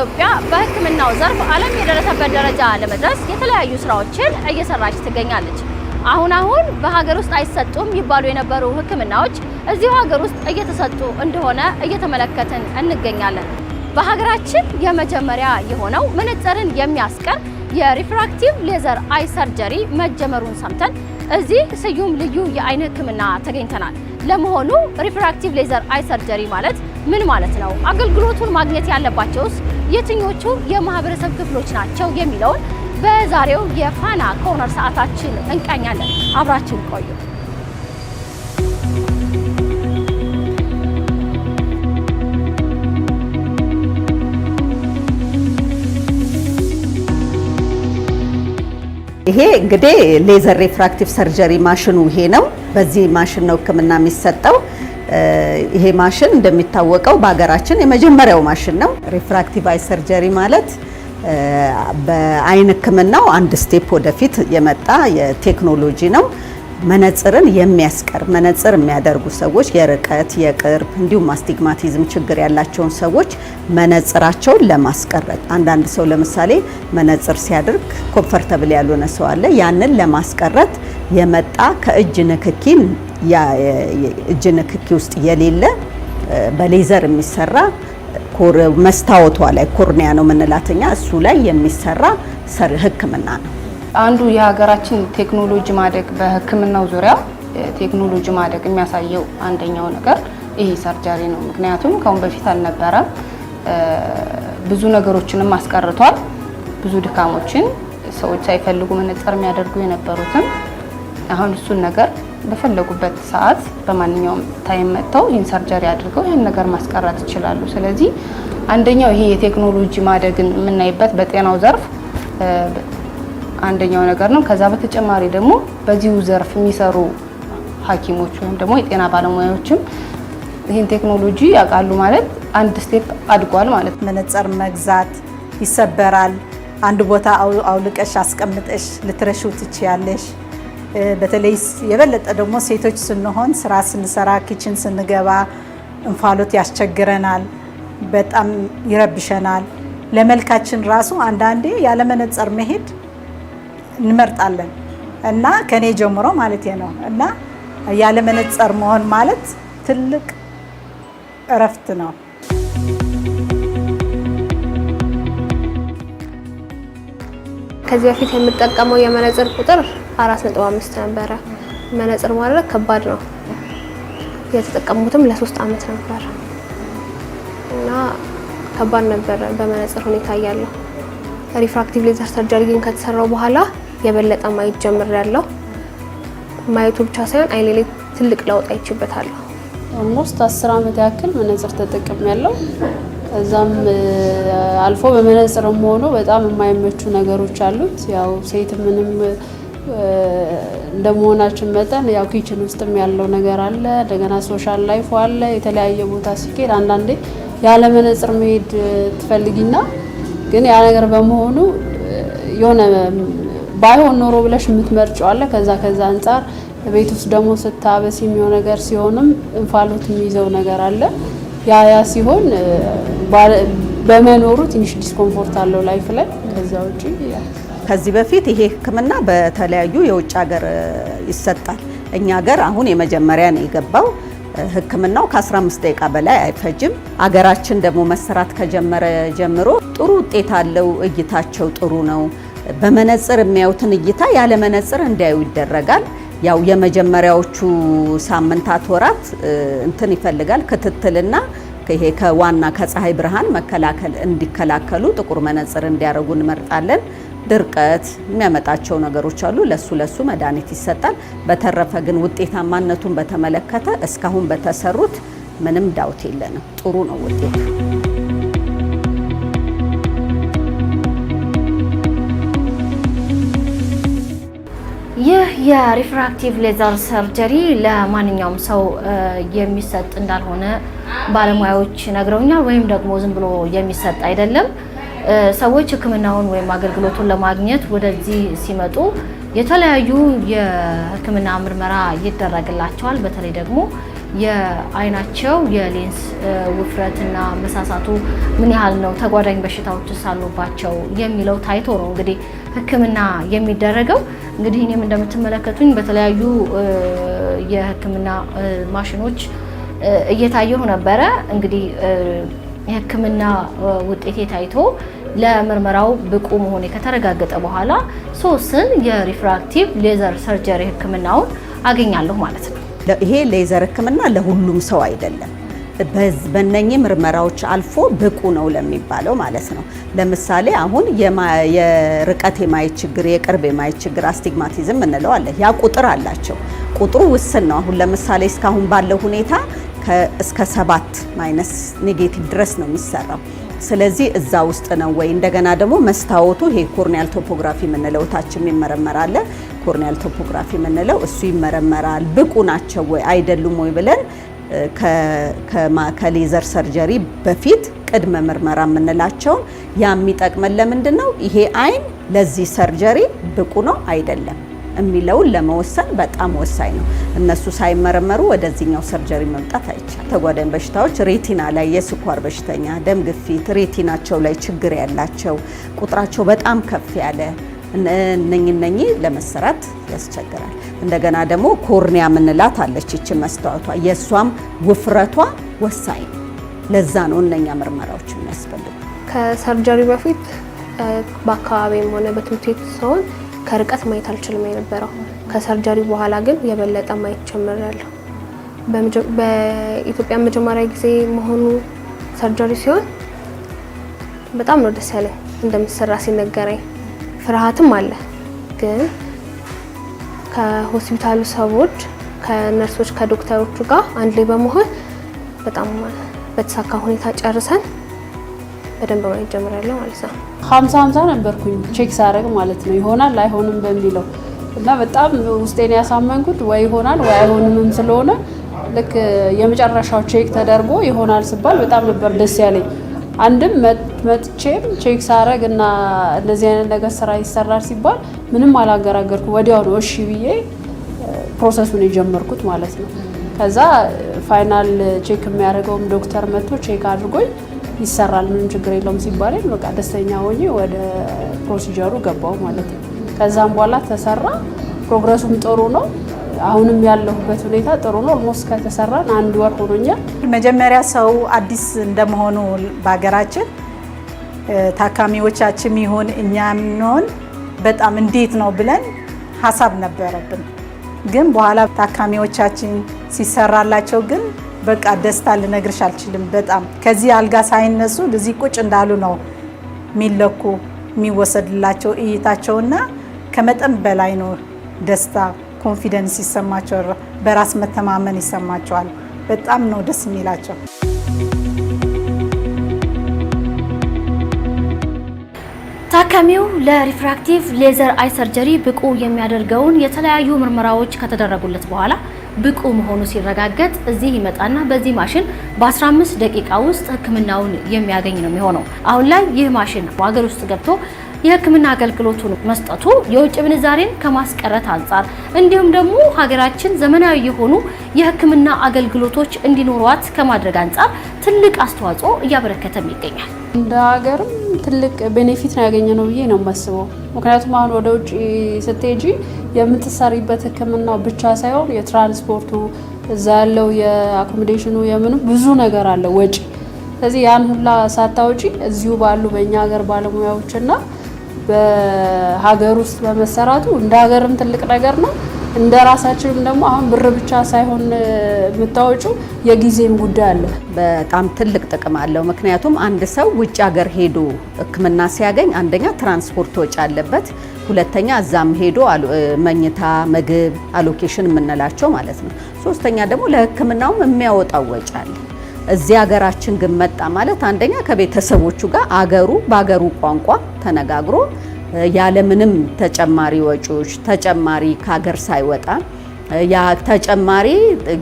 ኢትዮጵያ በሕክምናው ዘርፍ ዓለም የደረሰበት ደረጃ ለመድረስ የተለያዩ ስራዎችን እየሰራች ትገኛለች። አሁን አሁን በሀገር ውስጥ አይሰጡም ይባሉ የነበሩ ሕክምናዎች እዚሁ ሀገር ውስጥ እየተሰጡ እንደሆነ እየተመለከትን እንገኛለን። በሀገራችን የመጀመሪያ የሆነው መነጽርን የሚያስቀር የሪፍራክቲቭ ሌዘር አይ ሰርጀሪ መጀመሩን ሰምተን እዚህ ስዩም ልዩ የአይን ሕክምና ተገኝተናል። ለመሆኑ ሪፍራክቲቭ ሌዘር አይ ሰርጀሪ ማለት ምን ማለት ነው? አገልግሎቱን ማግኘት ያለባቸውስ የትኞቹ የማህበረሰብ ክፍሎች ናቸው? የሚለውን በዛሬው የፋና ኮርነር ሰዓታችን እንቃኛለን። አብራችን ቆዩ። ይሄ እንግዲህ ሌዘር ሪፍራክቲቭ ሰርጀሪ ማሽኑ ይሄ ነው። በዚህ ማሽን ነው ህክምና የሚሰጠው። ይሄ ማሽን እንደሚታወቀው በሀገራችን የመጀመሪያው ማሽን ነው። ሪፍራክቲቭ አይ ሰርጀሪ ማለት በአይን ህክምናው አንድ ስቴፕ ወደፊት የመጣ የቴክኖሎጂ ነው። መነጽርን የሚያስቀር መነጽር የሚያደርጉ ሰዎች የርቀት የቅርብ እንዲሁም አስቲግማቲዝም ችግር ያላቸውን ሰዎች መነጽራቸውን ለማስቀረት አንዳንድ ሰው ለምሳሌ መነጽር ሲያደርግ ኮንፈርተብል ያልሆነ ሰው አለ። ያንን ለማስቀረት የመጣ ከእጅ ንክኪን እጅ ንክኪ ውስጥ የሌለ በሌዘር የሚሰራ መስታወቷ ላይ ኮርኒያ ነው የምንላት እኛ እሱ ላይ የሚሰራ ሕክምና ነው። አንዱ የሀገራችን ቴክኖሎጂ ማደግ በሕክምናው ዙሪያ ቴክኖሎጂ ማደግ የሚያሳየው አንደኛው ነገር ይሄ ሰርጀሪ ነው። ምክንያቱም ከአሁን በፊት አልነበረም። ብዙ ነገሮችንም አስቀርቷል። ብዙ ድካሞችን ሰዎች ሳይፈልጉ መነጽር የሚያደርጉ የነበሩትም አሁን እሱን ነገር በፈለጉበት ሰዓት በማንኛውም ታይም መጥተው ይህን ሰርጀሪ አድርገው ይህን ነገር ማስቀረት ይችላሉ። ስለዚህ አንደኛው ይሄ የቴክኖሎጂ ማደግን የምናይበት በጤናው ዘርፍ አንደኛው ነገር ነው። ከዛ በተጨማሪ ደግሞ በዚሁ ዘርፍ የሚሰሩ ሐኪሞች ወይም ደግሞ የጤና ባለሙያዎችም ይህን ቴክኖሎጂ ያውቃሉ ማለት አንድ ስቴፕ አድጓል ማለት ነው። መነጽር መግዛት ይሰበራል። አንድ ቦታ አውልቀሽ አስቀምጠሽ ልትረሺው ትችያለሽ። በተለይ የበለጠ ደግሞ ሴቶች ስንሆን ስራ ስንሰራ ኪችን ስንገባ እንፋሎት ያስቸግረናል፣ በጣም ይረብሸናል። ለመልካችን ራሱ አንዳንዴ መነጽር መሄድ እንመርጣለን እና ከኔ ጀምሮ ማለት ነው እና ያለ መነጽር መሆን ማለት ትልቅ እረፍት ነው። ከዚህ በፊት የምጠቀመው የመነጽር ቁጥር አራት ነጥብ አምስት ነበረ። መነጽር ማድረግ ከባድ ነው። የተጠቀሙትም ለሶስት አመት ነበር እና ከባድ ነበረ በመነጽር ሁኔታ እያለሁ ሪፍራክቲቭ ሌዘር ሰርጀሪ ግን ከተሰራው በኋላ የበለጠ ማየት ጀምር ያለው ማየቱ ብቻ ሳይሆን አይኔ ላይ ትልቅ ለውጥ አይችበታለሁ። ኦልሞስት አስር አመት ያክል መነጽር ተጠቅም ያለው ከዛም አልፎ በመነጽርም ሆኖ በጣም የማይመቹ ነገሮች አሉት። ያው ሴት ምንም እንደመሆናችን መጠን ያው ኪችን ውስጥም ያለው ነገር አለ። እንደገና ሶሻል ላይፍ አለ። የተለያየ ቦታ ሲኬድ አንዳንዴ ያለ መነጽር መሄድ ትፈልጊና ግን ያ ነገር በመሆኑ የሆነ ባይሆን ኖሮ ብለሽ የምትመርጨው አለ። ከዛ ከዛ አንጻር ቤት ውስጥ ደግሞ ስታበስ የሚሆን ነገር ሲሆንም እንፋሎት የሚይዘው ነገር አለ። ያ ያ ሲሆን በመኖሩ ትንሽ ዲስኮምፎርት አለው ላይፍ ላይ። ከዛ ውጭ ከዚህ በፊት ይሄ ሕክምና በተለያዩ የውጭ ሀገር ይሰጣል። እኛ ሀገር አሁን የመጀመሪያ ነው የገባው። ሕክምናው ከ15 ደቂቃ በላይ አይፈጅም። አገራችን ደግሞ መሰራት ከጀመረ ጀምሮ ጥሩ ውጤት አለው። እይታቸው ጥሩ ነው። በመነጽር የሚያዩትን እይታ ያለ መነጽር እንዲያዩ ይደረጋል። ያው የመጀመሪያዎቹ ሳምንታት ወራት እንትን ይፈልጋል ክትትልና ይሄ ከዋና ከፀሐይ ብርሃን መከላከል እንዲከላከሉ ጥቁር መነጽር እንዲያደርጉ እንመርጣለን። ድርቀት የሚያመጣቸው ነገሮች አሉ። ለሱ ለሱ መድኃኒት ይሰጣል። በተረፈ ግን ውጤታማነቱን በተመለከተ እስካሁን በተሰሩት ምንም ዳውት የለንም። ጥሩ ነው ውጤቱ። የሪፍራክቲቭ ሌዘር ሰርጀሪ ለማንኛውም ሰው የሚሰጥ እንዳልሆነ ባለሙያዎች ነግረውኛል። ወይም ደግሞ ዝም ብሎ የሚሰጥ አይደለም። ሰዎች ሕክምናውን ወይም አገልግሎቱን ለማግኘት ወደዚህ ሲመጡ የተለያዩ የሕክምና ምርመራ ይደረግላቸዋል። በተለይ ደግሞ የአይናቸው የሌንስ ውፍረትና መሳሳቱ ምን ያህል ነው፣ ተጓዳኝ በሽታዎች አሉባቸው የሚለው ታይቶ ነው እንግዲህ ሕክምና የሚደረገው። እንግዲህ እኔም እንደምትመለከቱኝ በተለያዩ የሕክምና ማሽኖች እየታየሁ ነበረ። እንግዲህ የሕክምና ውጤቴ ታይቶ ለምርመራው ብቁ መሆኔ ከተረጋገጠ በኋላ ሶስን የሪፍራክቲቭ ሌዘር ሰርጀሪ ሕክምናውን አገኛለሁ ማለት ነው። ይሄ ሌዘር ህክምና ለሁሉም ሰው አይደለም። በነኚህ ምርመራዎች አልፎ ብቁ ነው ለሚባለው ማለት ነው። ለምሳሌ አሁን የርቀት የማየት ችግር፣ የቅርብ የማየት ችግር አስቲግማቲዝም እንለው አለ። ያ ቁጥር አላቸው። ቁጥሩ ውስን ነው። አሁን ለምሳሌ እስካሁን ባለው ሁኔታ እስከ ሰባት ማይነስ ኔጌቲቭ ድረስ ነው የሚሰራው። ስለዚህ እዛ ውስጥ ነው ወይ እንደገና ደግሞ መስታወቱ ይሄ ኮርኒያል ቶፖግራፊ የምንለው ታችም ይመረመራል። ኮርኒያል ቶፖግራፊ የምንለው እሱ ይመረመራል። ብቁ ናቸው ወይ አይደሉም ወይ ብለን ከሌዘር ሰርጀሪ በፊት ቅድመ ምርመራ የምንላቸውን ያ የሚጠቅመን ለምንድን ነው? ይሄ አይን ለዚህ ሰርጀሪ ብቁ ነው አይደለም የሚለውን ለመወሰን በጣም ወሳኝ ነው። እነሱ ሳይመረመሩ ወደዚህኛው ሰርጀሪ መምጣት አይቻል። ተጓዳኝ በሽታዎች ሬቲና ላይ የስኳር በሽተኛ፣ ደም ግፊት፣ ሬቲናቸው ላይ ችግር ያላቸው ቁጥራቸው በጣም ከፍ ያለ እነኝ ለመሰራት ያስቸግራል። እንደገና ደግሞ ኮርኒያ ምንላት አለች። ይች መስታወቷ የእሷም ውፍረቷ ወሳኝ ነው። ለዛ ነው እነኛ ምርመራዎች የሚያስፈልጉ። ከሰርጀሪ በፊት በአካባቢም ሆነ በትምህርት ቤት ሲሆን ከርቀት ማየት አልችልም የነበረው። ከሰርጀሪ በኋላ ግን የበለጠ ማየት ጀምሬያለሁ። በኢትዮጵያ መጀመሪያ ጊዜ መሆኑ ሰርጀሪ ሲሆን በጣም ነው ደስ ያለኝ እንደምትሰራ ሲነገረኝ ፍርሃትም አለ። ግን ከሆስፒታሉ ሰዎች ከነርሶች ከዶክተሮቹ ጋር አንድ ላይ በመሆን በጣም በተሳካ ሁኔታ ጨርሰን በደንብ ማየት ጀምራለሁ ማለት ነው። ሀምሳ ሀምሳ ነበርኩኝ ቼክ ሳደርግ ማለት ነው ይሆናል አይሆንም በሚለው እና በጣም ውስጤን ያሳመንኩት ወይ ይሆናል ወይ አይሆንምም ስለሆነ ልክ የመጨረሻው ቼክ ተደርጎ ይሆናል ስባል በጣም ነበር ደስ ያለኝ። አንድም መጥቼም ቼክ ሳረግ እና እንደዚህ አይነት ነገር ስራ ይሰራል ሲባል ምንም አላገራገርኩ ወዲያው ነው እሺ ብዬ ፕሮሰሱን የጀመርኩት ማለት ነው። ከዛ ፋይናል ቼክ የሚያደርገውም ዶክተር መጥቶ ቼክ አድርጎኝ ይሰራል ምንም ችግር የለውም ሲባለኝ በቃ ደስተኛ ሆኜ ወደ ፕሮሲጀሩ ገባው ማለት ነው። ከዛም በኋላ ተሰራ። ፕሮግረሱም ጥሩ ነው። አሁንም ያለሁበት ሁኔታ ጥሩ ነው። ኦልሞስት ከተሰራን አንድ ወር ሆኖኛል። መጀመሪያ ሰው አዲስ እንደመሆኑ በሀገራችን ታካሚዎቻችን ይሁን እኛ ምንሆን በጣም እንዴት ነው ብለን ሀሳብ ነበረብን። ግን በኋላ ታካሚዎቻችን ሲሰራላቸው ግን በቃ ደስታ ልነግርሽ አልችልም። በጣም ከዚህ አልጋ ሳይነሱ እዚህ ቁጭ እንዳሉ ነው የሚለኩ የሚወሰድላቸው እይታቸውና ከመጠን በላይ ነው ደስታ፣ ኮንፊደንስ ይሰማቸው፣ በራስ መተማመን ይሰማቸዋል። በጣም ነው ደስ የሚላቸው። ታካሚው ለሪፍራክቲቭ ሌዘር አይ ሰርጀሪ ብቁ የሚያደርገውን የተለያዩ ምርመራዎች ከተደረጉለት በኋላ ብቁ መሆኑ ሲረጋገጥ እዚህ ይመጣና በዚህ ማሽን በ15 ደቂቃ ውስጥ ሕክምናውን የሚያገኝ ነው የሚሆነው። አሁን ላይ ይህ ማሽን በሀገር ውስጥ ገብቶ የህክምና አገልግሎቱን መስጠቱ የውጭ ምንዛሬን ከማስቀረት አንጻር እንዲሁም ደግሞ ሀገራችን ዘመናዊ የሆኑ የህክምና አገልግሎቶች እንዲኖሯት ከማድረግ አንጻር ትልቅ አስተዋጽኦ እያበረከተም ይገኛል። እንደ ሀገርም ትልቅ ቤኔፊት ነው ያገኘ ነው ብዬ ነው የማስበው። ምክንያቱም አሁን ወደ ውጭ ስትሄጂ የምትሰሪበት ህክምናው ብቻ ሳይሆን የትራንስፖርቱ እዛ ያለው የአኮሞዴሽኑ የምኑ ብዙ ነገር አለ ወጪ። ስለዚህ ያን ሁላ ሳታውጪ እዚሁ ባሉ በእኛ ሀገር ባለሙያዎችና በሀገር ውስጥ በመሰራቱ እንደ ሀገርም ትልቅ ነገር ነው። እንደ ራሳችንም ደግሞ አሁን ብር ብቻ ሳይሆን የምታወጩ የጊዜም ጉዳይ አለ። በጣም ትልቅ ጥቅም አለው። ምክንያቱም አንድ ሰው ውጭ ሀገር ሄዶ ሕክምና ሲያገኝ አንደኛ ትራንስፖርት ወጪ አለበት፣ ሁለተኛ እዛም ሄዶ መኝታ፣ ምግብ፣ አሎኬሽን የምንላቸው ማለት ነው። ሶስተኛ ደግሞ ለሕክምናውም የሚያወጣው ወጪ አለ። እዚህ ሀገራችን ግን መጣ ማለት አንደኛ ከቤተሰቦቹ ጋር አገሩ በአገሩ ቋንቋ ተነጋግሮ ያለምንም ተጨማሪ ወጪዎች ተጨማሪ ከሀገር ሳይወጣ ያ ተጨማሪ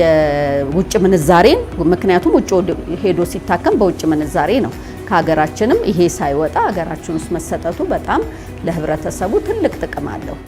የውጭ ምንዛሬን ምክንያቱም ውጭ ሄዶ ሲታከም በውጭ ምንዛሬ ነው። ከሀገራችንም ይሄ ሳይወጣ ሀገራችን ውስጥ መሰጠቱ በጣም ለህብረተሰቡ ትልቅ ጥቅም አለው።